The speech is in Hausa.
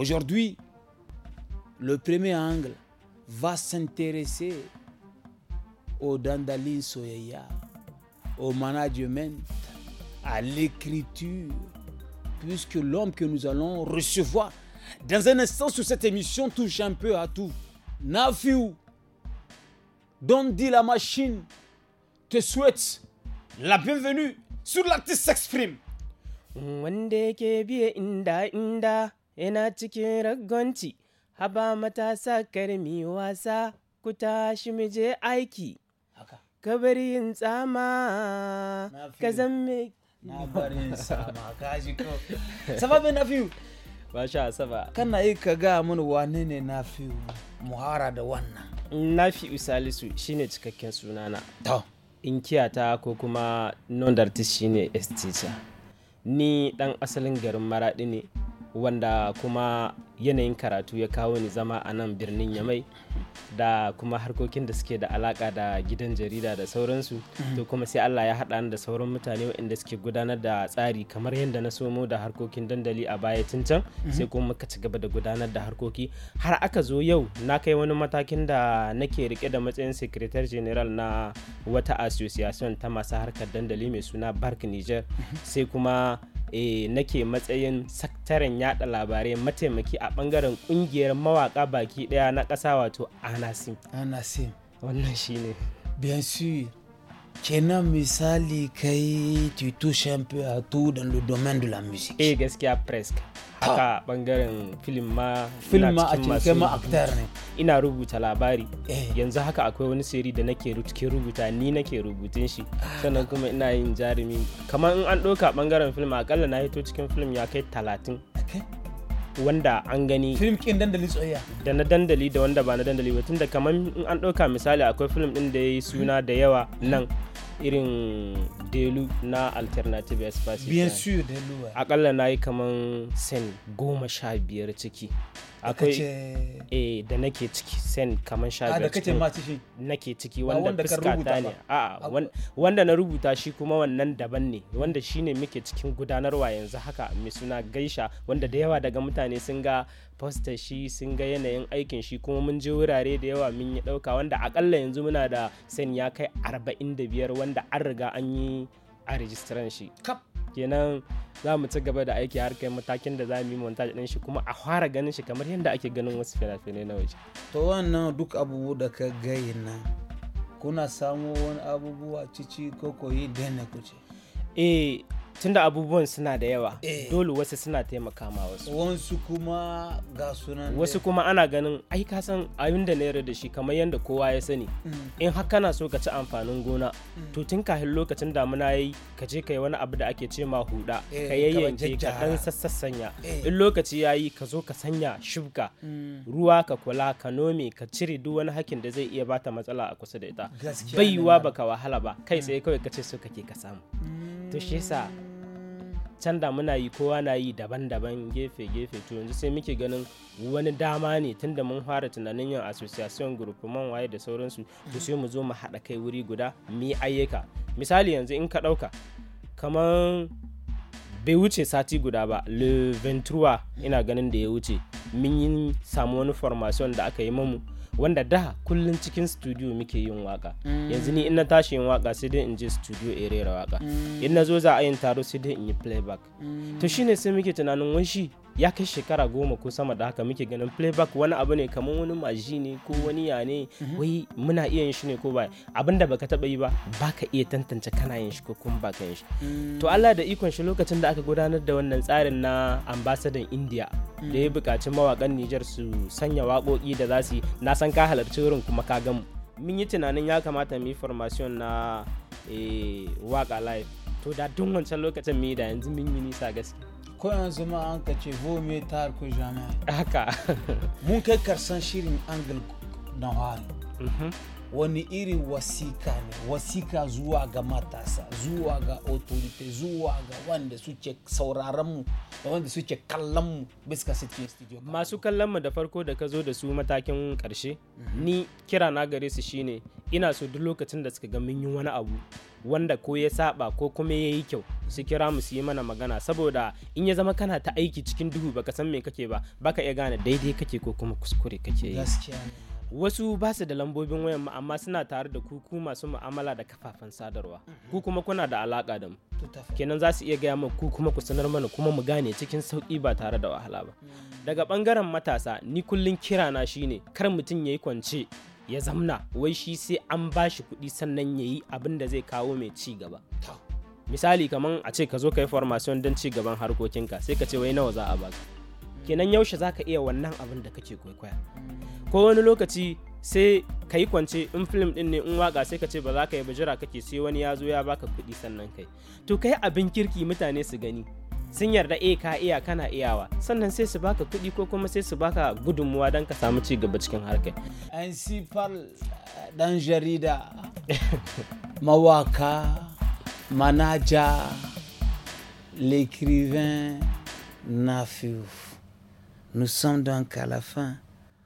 Aujourd'hui, le premier angle va s'intéresser au Dandalin Soyeya, au management, à l'écriture, puisque l'homme que nous allons recevoir dans un instant sur cette émission touche un peu à tout. Nafiou, Don dit la machine, te souhaite la bienvenue sur l'artiste s'exprime. inda inda ina cikin raggonci, haba matasa karmi wasa, ku tashi mu je aiki. Ka bari yin tsama, ka zamme. Na bari yin tsama, ka ji ko. Sababin na fiyu. Masha saba. Kana yi ka ga mun wane ne na fiyu muhara da wannan. na fiyu Salisu shine cikakken sunana. To. ta ko kuma non shine Estisa. Ni dan asalin garin Maradi ne. wanda kuma yanayin karatu ya kawo ni zama a nan birnin yamai da kuma harkokin da suke da alaka da gidan jarida da sauransu mm-hmm. to kuma sai allah ya haɗa da sauran mutane waɗanda suke gudanar da tsari kamar yadda na somo da harkokin dandali a baya tun can mm-hmm. sai kuma muka ci gaba da gudanar da harkoki har aka zo yau na kai wani matakin da nake rike da matsayin secretary general na wata association ta masu harkar dandali mai suna bark niger mm-hmm. sai kuma e, nake matsayin sakataren yada labarai mataimaki a bangaren kungiyar mawaka baki daya na ƙasa wato anasim anasim wannan shine bien sûr kenan misali kai tu touches un peu à tout dans le domaine de la musique eh gaskiya presque haka bangaren film ma film ma a cikin ma actor ne ina rubuta labari eh. yanzu haka akwai wani seri da nake cikin rubuta ni nake rubutun shi ah. sannan kuma ina yin jarumi kamar in an ɗauka bangaren film akalla na hito cikin film ya kai talatin wanda an gani film kin dandali tsoyayya da na dandali da wanda ba na dandali ba tunda kamar in an ɗauka misali akwai film din da ya yi suna da yawa nan irin delu na alternative espace bien sûr delu akalla na yi kaman sen goma sha biyar ciki akwai e da nake ciki sen kamar sha ah, da ciki nake ciki wanda fuskata ne wanda na rubuta shi kuma wannan daban ne wanda shine muke cikin gudanarwa yanzu haka mai suna gaisha wanda da yawa daga mutane sun ga posta shi sun ga yanayin aikin shi kuma mun je wurare da yawa mun yi dauka wanda akalla yanzu muna da sen ya kai 45 wanda an riga an yi a rijistiran shi kap kenan za mu ci gaba da aiki har kai matakin da za mu yi montage din shi kuma a fara ganin shi kamar yadda ake ganin wasu fina-finai na waje to wannan duk abubu da ka gayi na kuna samo wani abubuwa cici ko koyi dana kuce eh tunda abubuwan suna da yawa eh. dole wasu suna taimaka ma wasu wasu kuma ga sunan wasu kuma ana ganin ai ka san abin da naira da shi kamar yadda kowa ya sani mm. in har kana so ka ci amfanin gona mm. to tun kafin lokacin damuna yayi ka je kai wani abu da ake ce ma huda eh, ka yayyanke ka dan sassassanya eh. in lokaci yayi ka zo ka sanya shubka mm. ruwa ka kula ka nome ka cire duk wani hakin da zai iya bata matsala a kusa da ita baiwa baka wahala ba kai sai kawai ka ce so kake ka samu to shi yasa can muna yi kowa na yi daban-daban gefe-gefe to yanzu sai muke ganin wani dama ne tunda mun fara tunanin yin association group man waye da sauransu to sai mu zo mu haɗa kai wuri guda mu yi ayyuka misali yanzu in ka ɗauka kamar bai wuce sati guda ba le ventura ina ganin da ya wuce mun yi samu wani formation da aka yi mamu wanda da kullum cikin studio muke yin waka mm. yanzu ni ina tashi yin waka sai dai in je studio a rera waka mm. in na zo za a yin taro sai dai in yi playback mm. to shine sai muke tunanin wani shi ya kai shekara goma ko sama da haka muke ganin playback wani abu ne kamar wani maji ne ko wani ya ne mhm. wai muna iya yin shi ne ko ba abinda baka taba yi ba baka iya tantance kana yin shi ko kuma baka yin shi mm. to Allah da ikon shi lokacin da aka gudanar da wannan tsarin na ambasadan India mm. da ya buƙaci mawakan Niger su sanya waƙoƙi da zasu yi na san ka halarci wurin kuma ka gamu mun yi tunanin ya kamata mu yi formation na eh, waka live to da dun wancan lokacin mu da yanzu mun yi nisa gaskiya ko yanzu an ka ce vo me tar ko haka mun kai karsan shirin angle na mm-hmm. wani wani irin wasika ne wasika zuwa ga matasa zuwa ga autorite zuwa ga wanda suke sauraron mu da wanda suke kallon mu studio masu kallon mu da farko da ka zo da su matakin karshe mm-hmm. ni kira na gare su shine ina so duk lokacin da suka ga mun yi wani abu wanda ko ya saba ko kuma ya yi kyau su kira mu su yi mana magana saboda in ya zama kana ta aiki cikin duhu baka san me kake ba baka iya gane daidai kake ko kuma kuskure kake yi wasu ba su da lambobin wayan mu amma suna tare da kuku masu mu'amala da kafafen sadarwa ku kuma kuna da alaka da mu kenan za su iya gaya mu ku kuma ku sanar mana kuma mu gane cikin sauki ba tare da wahala ba mm. daga bangaren matasa ni kullun kirana shine kar mutum yayi kwance ya zamna wai shi sai an bashi kuɗi sannan yayi abin da zai kawo mai ci gaba misali kamar a ce ka zo ka yi formation don ci gaban harkokinka sai ka ce wai nawa za a baka kenan yaushe za ka iya wannan abin da kake kwaikwaya ko wani lokaci sai ka yi kwance in film din ne in waka sai ka ce ba za ka yi bajira kake sai wani ya zo ya baka kuɗi sannan kai to kai abin kirki mutane su gani sun yarda A eh ka iya kana iyawa sannan sai su baka kuɗi ko kuma sai su baka gudunmuwa don ka samu ci gaba cikin harkar an ɗan jarida mawaka Manaja, l'écrivain Nafiouf. Nous sommes donc à la fin